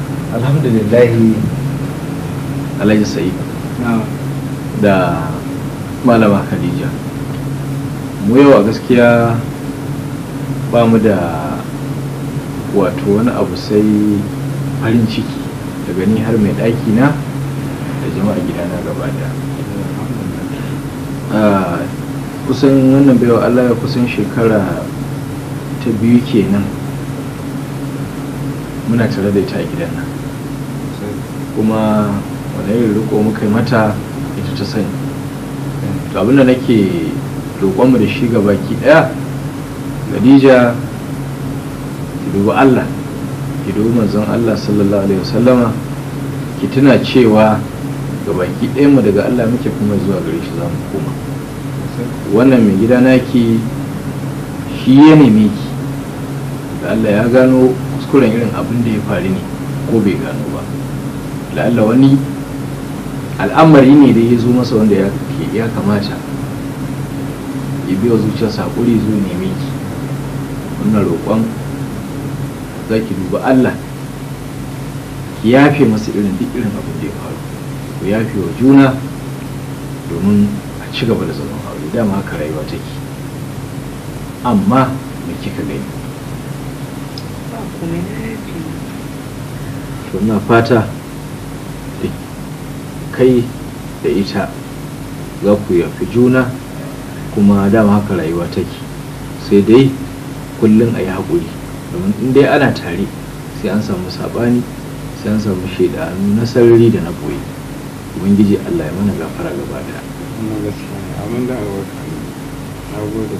alhamdulillahi alhaji sa'id da malama khadija mu yau a gaskiya ba mu da wato wani abu sai farin ciki daga ni har mai ɗaki na da jama'a gidana gaba da ah, kusan wannan baiwa allah ya kusan shekara ta biyu kenan muna tare da ita a gidan nan kuma wani irin riko muka yi mata ita ta sani to abin da nake roƙonmu da shi baki ɗaya Khadija ki dubi Allah ki dubi manzon Allah sallallahu alaihi wasallama ki tuna cewa ga baki ɗayanmu daga Allah muke kuma zuwa gare shi za mu koma wannan mai gida naki shi ya neme ki da Allah ya gano kuskuren irin abin da ya faru ne ko bai gano ba la'alla wani al'amari ne da ya zo masa wanda ya kamata ya biya zuciyar saƙuri zo neme ki wannan roƙon za ki duba Allah ki yafe masa irin duk irin abin da ya faru ku yafe wa juna domin a ci gaba da zaman aure dama haka rayuwa take amma me kika gani to na fata kai da ita za ku yafi juna kuma dama haka rayuwa take sai dai kullum a yi haƙuri domin in dai ana tare sai an samu saɓani sai an samu shaidanu na sarari da na boye ubangiji allah ya mana gafara gaba da abin da na gode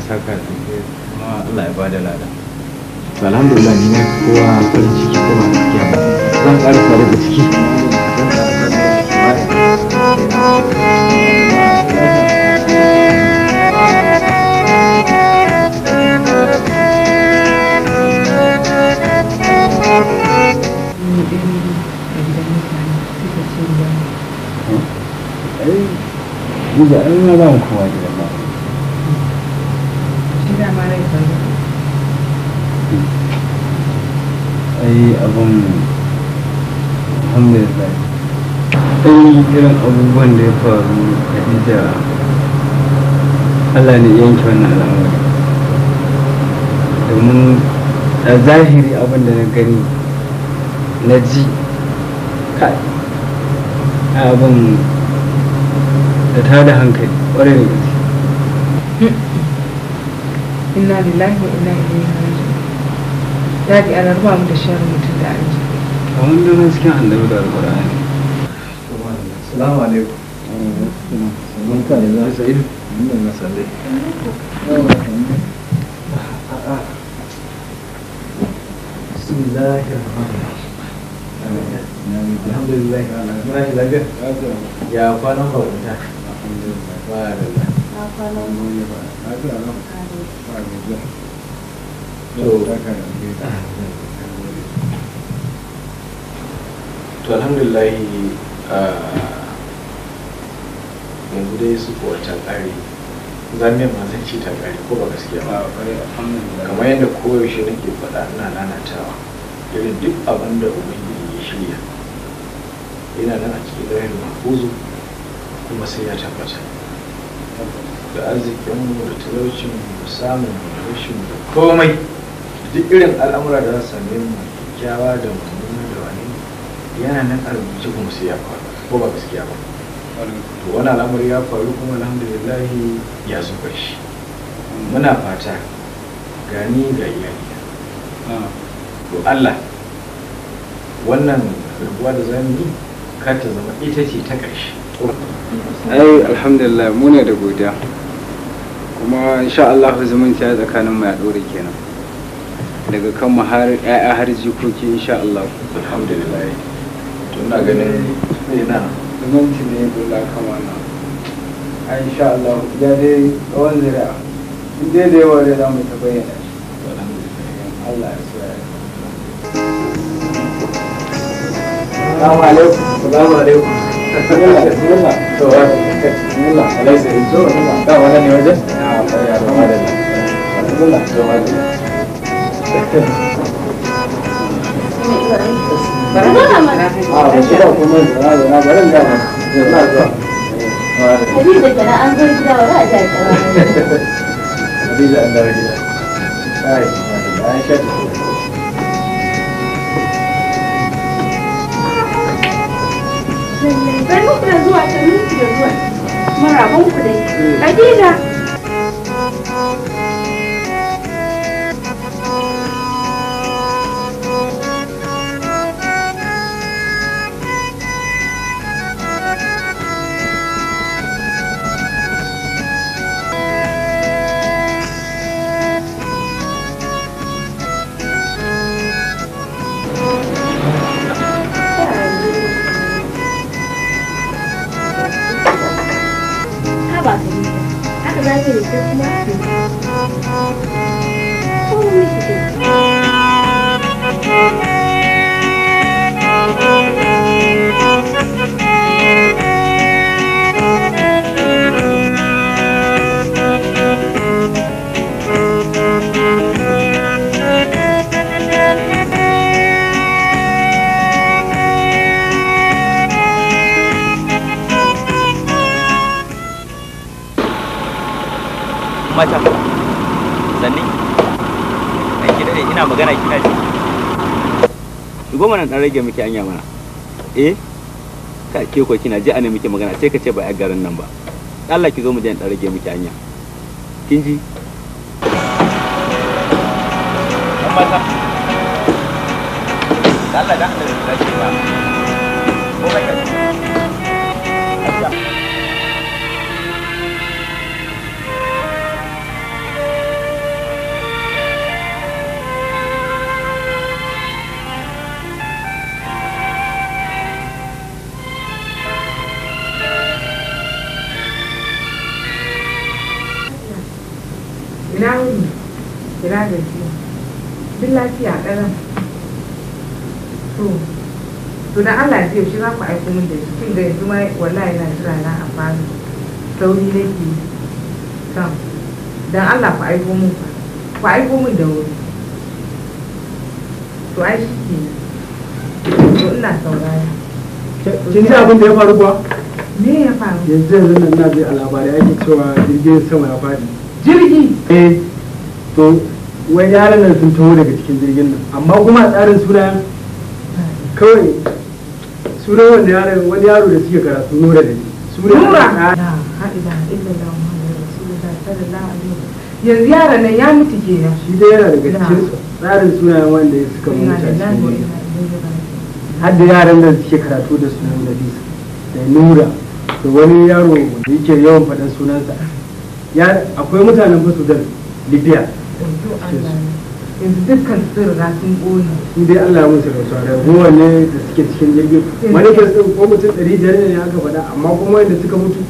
saka da kuma allah ya bada lada alhamdulillah ni ne kowa farin ciki kuma zan ƙarasa da ciki bây giờ nó ra một khỏi thì là ai abang alhamdulillah ai irin abubuwan da ya faru a Khadija Allah ne yanke wannan al'amari domin a zahiri abin da na gani na ji kai abin da ta da hankali ƙwarai da gaske inna lillahi wa inna ilaihi raji'un ya ji ana ruwa mu da sharri mutum da aji a wani domin cikin annabi da alƙur'ani Assalamu alaikum. Mun ka za su yi na Ya kwanan bauta. To, to alhamdulillah yanzu dai su kuwa ta tsari zamiyar ma zan ce ta tsari ko ba gaskiya ba ah, kamar yadda koyaushe nake faɗa ina nanatawa irin duk abin da ubangiji ya shirya yana nan a cikin lauyin mafuzu kuma sai ya tabbata da arzikinmu da talaucinmu samun da rashin da komai duk irin al'amura da za su same mu kyakkyawa da mummuna da wani yana nan a rubuce kuma sai ya faru ko ba gaskiya ba to wani al'amari ya faru kuma alhamdulillah ya zuba shi muna fata gani ga iyali to Allah wannan rubuwa da zan yi kar ta zama ita ce ta ƙarshe ai alhamdulillah muna da godiya kuma insha Allah zumunci ya tsakanin mu ya dore kenan daga kan mu har ƴaƴa har jikoki insha Allah alhamdulillah to ina ganin ina zumunci ne bulla kan wannan a insha Allah ya dai tsawon zira in dai da da bayyana shi Allah ya tsaya Assalamu alaikum. Assalamu Khadija kenan an zo gida za a ja an gida. an zuwa ta da zuwa. Congratulations. mata sanni dan ki dade ina magana kina ji shigo mana dan rage miki anya mana eh ka ke ko kina ji ana miki magana sai ka ce ba a garin nan ba Allah ki zo mu je dan rage miki anya kin ji Allah da Allah da to dan Allah ya shi za ku aiko min da shi kin ga yanzu mai wallahi na jira na amfani sauri nake sam dan Allah ku aiko min ku aiko min da wuri to ai shi ke to ina saurari. kin ji abin da ya faru kuwa me ya faru yanzu yanzu nan na ji a labari ake cewa jirgin sama ya faru. jirgi eh to wai yaran nan sun taho daga cikin jirgin nan amma kuma tsarin sunayen kawai sunan wanda yaron wani yaro da suke karatu nura da sura nura yanzu yaran nan ya mutu kenan shi dai yana daga cikin tsarin sunayen wanda suka mutu a cikin har da yaran da suke karatu da sunan nabisa da nura da wani yaro da yake yawan faɗan sunansa akwai mutanen fasu da libya yanzu dukkan na sun ƙone. in dai Allah ya musu rasuwa da ruwa ne da suke cikin jirgin wani ke tsin ko mutum ɗari biyar ne ya aka faɗa amma kuma yadda suka mutu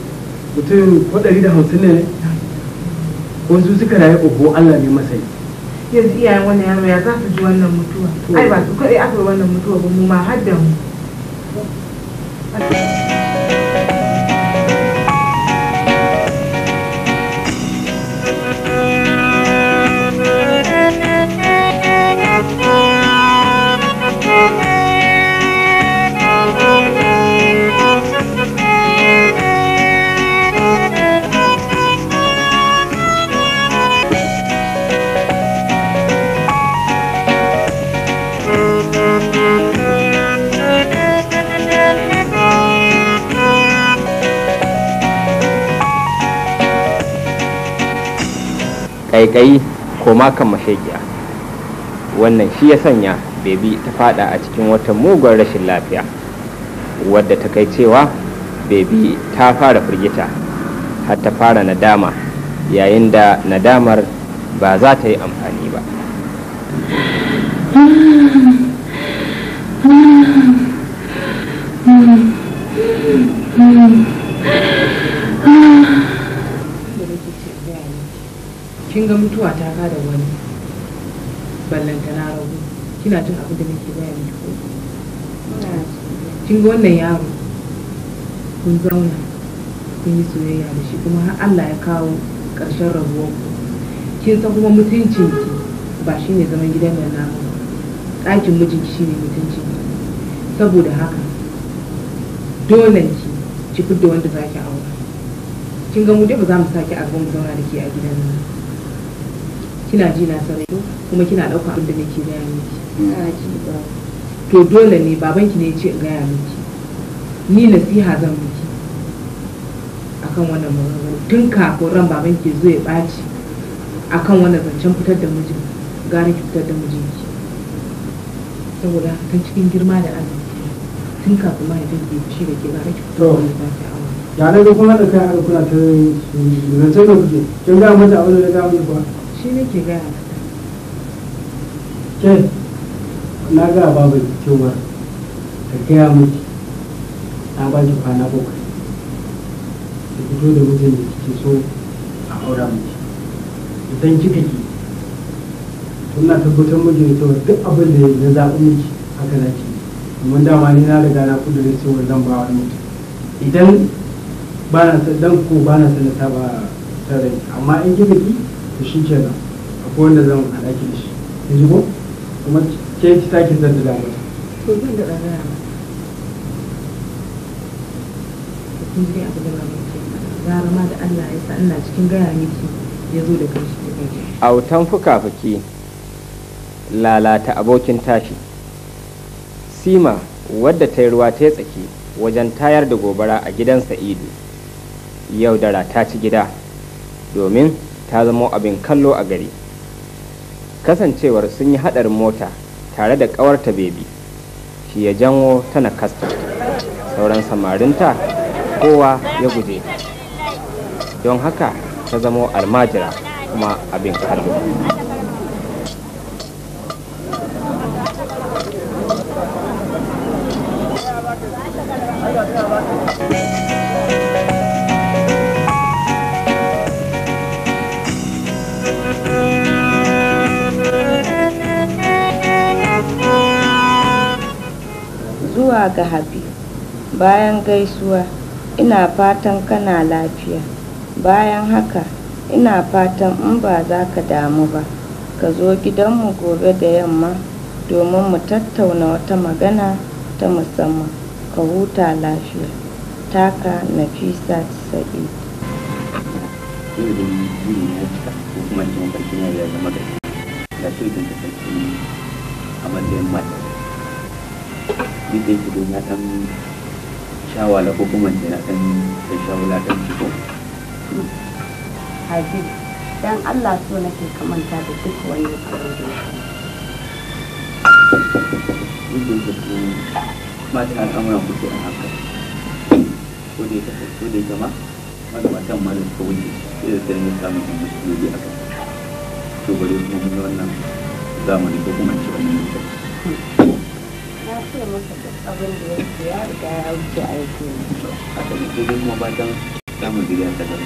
mutum ko ɗari da hamsin ne ko su suka rayu ogo Allah ne masai yanzu iyayen wannan yaro ya za su ji wannan mutuwa ai ba su kaɗai aka yi wannan mutuwa ba mu ma har da mu. ƙaiƙayi ko kan mashaƙiya wannan shi ya sanya bebi ta fada a cikin wata mugun rashin lafiya wadda ta kai cewa bebi ta fara firgita har ta fara nadama yayin da nadamar ba za ta yi amfani ba Mm-hmm. kin ga mutuwa ta kada wani ballanta na rabu kina jin abin da nake baya miki ko kin ga wannan yaro kun zauna kun yi soyayya da shi kuma har Allah ya kawo ƙarshen rabuwar ku kin san kuma mutuncin ki ba shi ne zaman gidan nan na ɗakin shi ne mutuncin ki saboda haka dole ki ki fidda wanda zaki aura kin ga mu dai ba za mu saki a mu zauna da ke a gidan nan kina ji na sarai kuma kina ɗauka abin da nake gaya miki to dole ne babanki ne ya ce in gaya miki ni nasiha zan miki akan wannan maganganu tun kafin ran babanki zo ya ɓaci akan wannan zancen fitar da mijin gane ki fitar da mijinki saboda tun cikin girma da Allah tun kafin mahaifin ke fushi da ke gane ki fitar da mijinki ya na ga kuma da kai a kula ta zancen da kuke kin ga mata aure da ga mata kuwa shi ne ke gaya ce na ga babu cewar ta gaya miki na ba ki kwana bakwai ki fito da mijin da kike so a aura miki idan kika ki suna tabbatar miki da cewa duk abin da ya zaɓi miki haka za ki domin dama ni na riga na da cewa zan ba wani mutum idan ba na dan ko ba na sanata ba tare amma in kika ki to shi ke nan akwai wanda zan haɗa ki da shi in ji ko kuma ke ki takin zan da mata to zan da ɗan rana kun ji abu da mamu ke gara ma da Allah ya sa ina cikin gaya miki ya zo da kanshi da kanshi autan fuka-fuki lalata abokin tashi sima wadda ta yi ruwa ta yi tsaki wajen tayar da gobara a gidan sa'idu yau da ta ci gida domin ta zama abin kallo a gari kasancewar sun yi hadarin mota tare da ƙawarta bebi shi ya janwo tana kasta sauran samarinta kowa ya guje don haka ta zama almajira kuma abin kallo da Habib. Bayan gaisuwa, ina fatan kana lafiya. Bayan haka, ina fatan in ba za ka damu ba, ka zo gidanmu gobe da yamma domin mu tattauna wata magana ta musamman. Ka huta lafiya. Taka Nafisa Sa'id. Yau da ya cika ko kuma cikin shi ya zama shirin da a matsayin mata. duk da na ɗan shawala ko kuma ce na ɗan shawala ɗan ciko. Habib, dan Allah so nake kamanta da duk wani abin da ya Duk da mata al'amuran kuke a haka. Ko da ta ko da yake ma, matan ma da suka wuce, sai da sanin samun musulmi a kan. To bari kuma wannan zamani ko kuma ce wannan lokaci. ce masa duk ya riga ya wuce a yake ba don samun zuriya ta gaba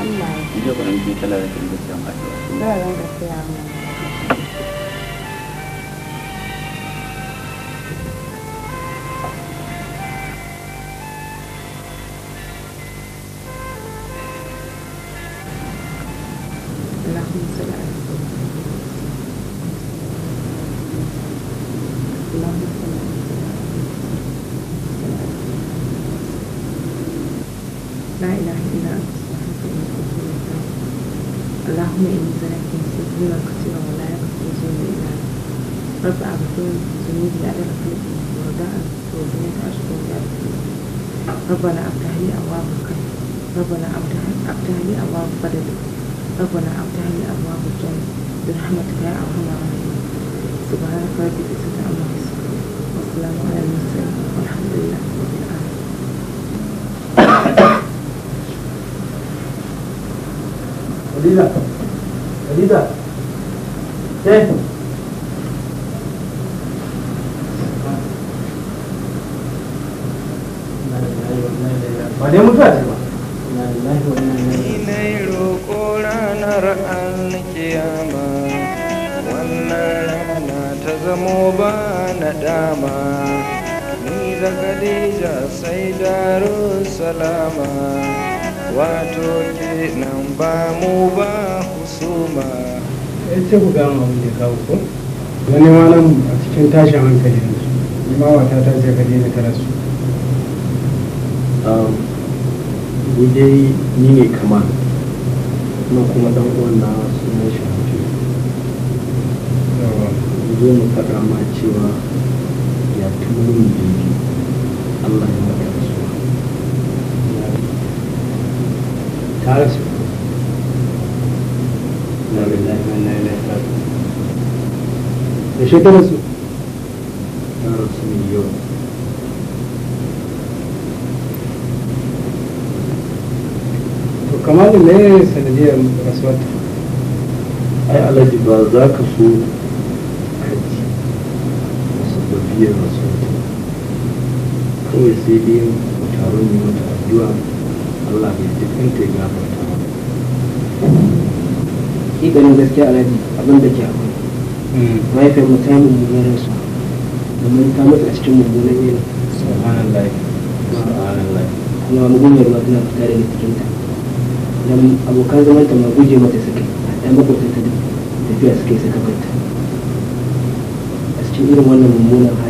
Allah ya ji. Ije kwanan biyu talar da ke da samun addu'a. Zai rinka siya zamo ba na dama ni da khadija sai daru salama wato ke nan ba mu ba husuma sai ce ku gama mu ne kawo ko wani malam a cikin tashin hankali yanzu ni ma wata ta ce ka khadija ta rasu ni dai ni ne kama na kuma dan uwan na sunan shi zo mu faɗa ma cewa ya tuno mu Allah ya mata rasuwa ta rasu na billahi wa na yi raji'un da shi ta rasu ta rasu ne yau to kamar ne sanadiyar rasuwa ta ai alhaji ba za ka so biya masu kawai sai dai mu taron ne mata addu'a Allah bai ji kanta ya gafarta ba hikarin gaskiya alhaji abin da ke akwai hmm. mahaifiyar mu ta yi mummunan rasu domin ta mutu a cikin mummunan yanayi subhanallah subhanallah kuma mugunyar ma tana fita daga ta. dan abokan zamanta ma guje mata suke dan makwabtanta da tafiya suke saka banta a cikin irin wannan mummunan hali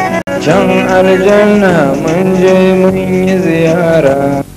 can aljanna mun je mun yi ziyara